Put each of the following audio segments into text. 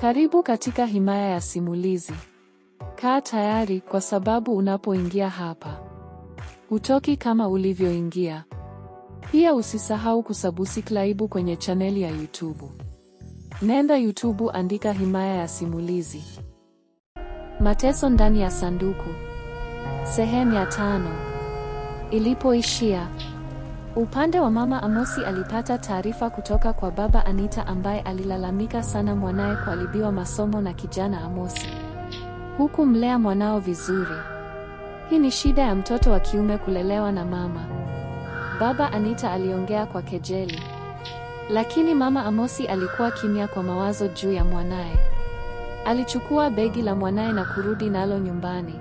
Karibu katika himaya ya simulizi. Kaa tayari kwa sababu unapoingia hapa hutoki kama ulivyoingia. Pia usisahau kusabusi klaibu kwenye chaneli ya YouTube. Nenda YouTube, andika himaya ya simulizi. Mateso ndani ya sanduku, sehemu ya tano, ilipoishia. Upande wa mama Amosi alipata taarifa kutoka kwa baba Anita ambaye alilalamika sana mwanaye kuharibiwa masomo na kijana Amosi. Huku mlea mwanao vizuri. Hii ni shida ya mtoto wa kiume kulelewa na mama. Baba Anita aliongea kwa kejeli. Lakini mama Amosi alikuwa kimya kwa mawazo juu ya mwanaye. Alichukua begi la mwanaye na kurudi nalo nyumbani.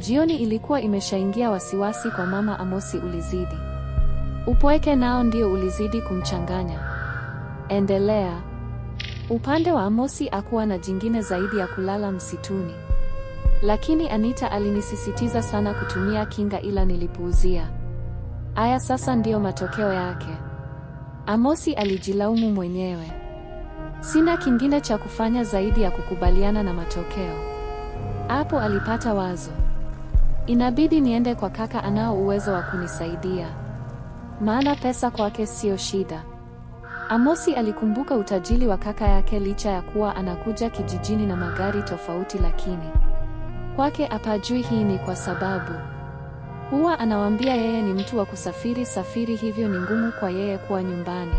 Jioni ilikuwa imeshaingia wasiwasi kwa mama Amosi ulizidi. Upweke nao ndio ulizidi kumchanganya. Endelea. Upande wa Amosi akuwa na jingine zaidi ya kulala msituni, lakini Anita alinisisitiza sana kutumia kinga, ila nilipuuzia. Aya, sasa ndiyo matokeo yake. Amosi alijilaumu mwenyewe. Sina kingine cha kufanya zaidi ya kukubaliana na matokeo. Hapo alipata wazo, inabidi niende kwa kaka anao uwezo wa kunisaidia maana pesa kwake siyo shida. Amosi alikumbuka utajiri wa kaka yake licha ya kuwa anakuja kijijini na magari tofauti, lakini kwake apajui. Hii ni kwa sababu huwa anawaambia yeye ni mtu wa kusafiri safiri, hivyo ni ngumu kwa yeye kuwa nyumbani.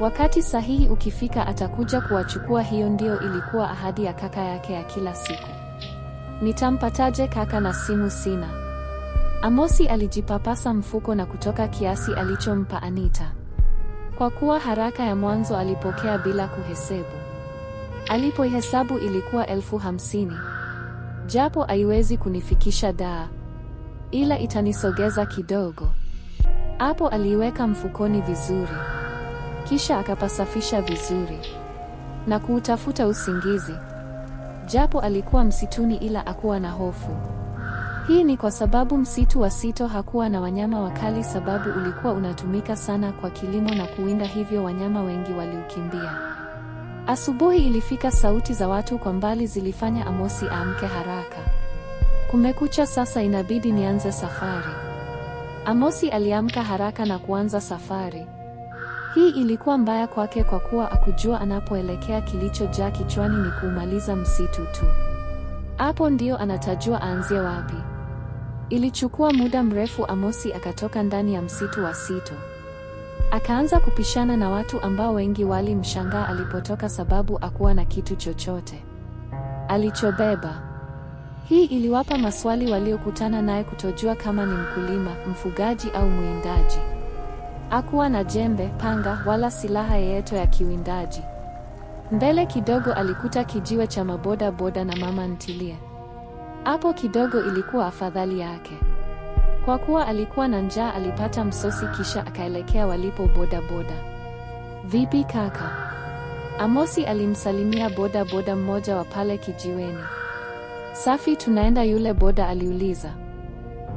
Wakati sahihi ukifika atakuja kuwachukua. Hiyo ndiyo ilikuwa ahadi ya kaka yake ya kila siku. Nitampataje kaka na simu sina? Amosi alijipapasa mfuko na kutoka kiasi alichompa Anita. Kwa kuwa haraka ya mwanzo alipokea bila kuhesabu. Alipoihesabu ilikuwa elfu hamsini. Japo haiwezi kunifikisha daa, ila itanisogeza kidogo. Hapo aliiweka mfukoni vizuri, kisha akapasafisha vizuri na kuutafuta usingizi. Japo alikuwa msituni, ila akuwa na hofu. Hii ni kwa sababu msitu wa Sito hakuwa na wanyama wakali sababu ulikuwa unatumika sana kwa kilimo na kuwinda hivyo wanyama wengi waliukimbia. Asubuhi ilifika sauti za watu kwa mbali zilifanya Amosi aamke haraka. Kumekucha sasa inabidi nianze safari. Amosi aliamka haraka na kuanza safari. Hii ilikuwa mbaya kwake kwa kuwa akujua anapoelekea kilichojaa kichwani ni kuumaliza msitu tu. Hapo ndio anatajua aanzie wapi. Ilichukua muda mrefu Amosi akatoka ndani ya msitu wa Sito. Akaanza kupishana na watu ambao wengi walimshangaa alipotoka sababu akuwa na kitu chochote alichobeba. Hii iliwapa maswali waliokutana naye kutojua kama ni mkulima, mfugaji au mwindaji. akuwa na jembe, panga wala silaha yeyote ya kiwindaji. Mbele kidogo alikuta kijiwe cha maboda boda na mama ntilie. Hapo kidogo ilikuwa afadhali yake. Kwa kuwa alikuwa na njaa, alipata msosi kisha akaelekea walipo boda boda. Vipi kaka? Amosi alimsalimia boda boda mmoja wa pale kijiweni. Safi, tunaenda? Yule boda aliuliza.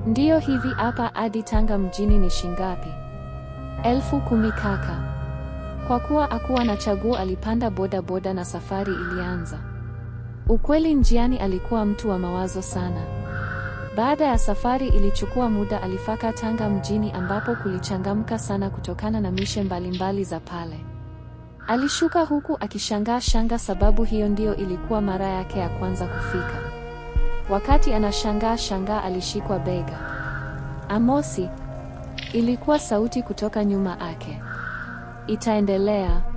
Ndiyo, hivi hapa hadi Tanga mjini ni shingapi? Elfu kumi kaka. Kwa kuwa akuwa na chaguo, alipanda boda boda na safari ilianza. Ukweli njiani alikuwa mtu wa mawazo sana. Baada ya safari ilichukua muda alifika Tanga mjini ambapo kulichangamka sana kutokana na mishe mbalimbali za pale. Alishuka huku akishangaa shanga sababu hiyo ndiyo ilikuwa mara yake ya kwanza kufika. Wakati anashangaa shangaa alishikwa bega. Amosi, ilikuwa sauti kutoka nyuma yake. Itaendelea.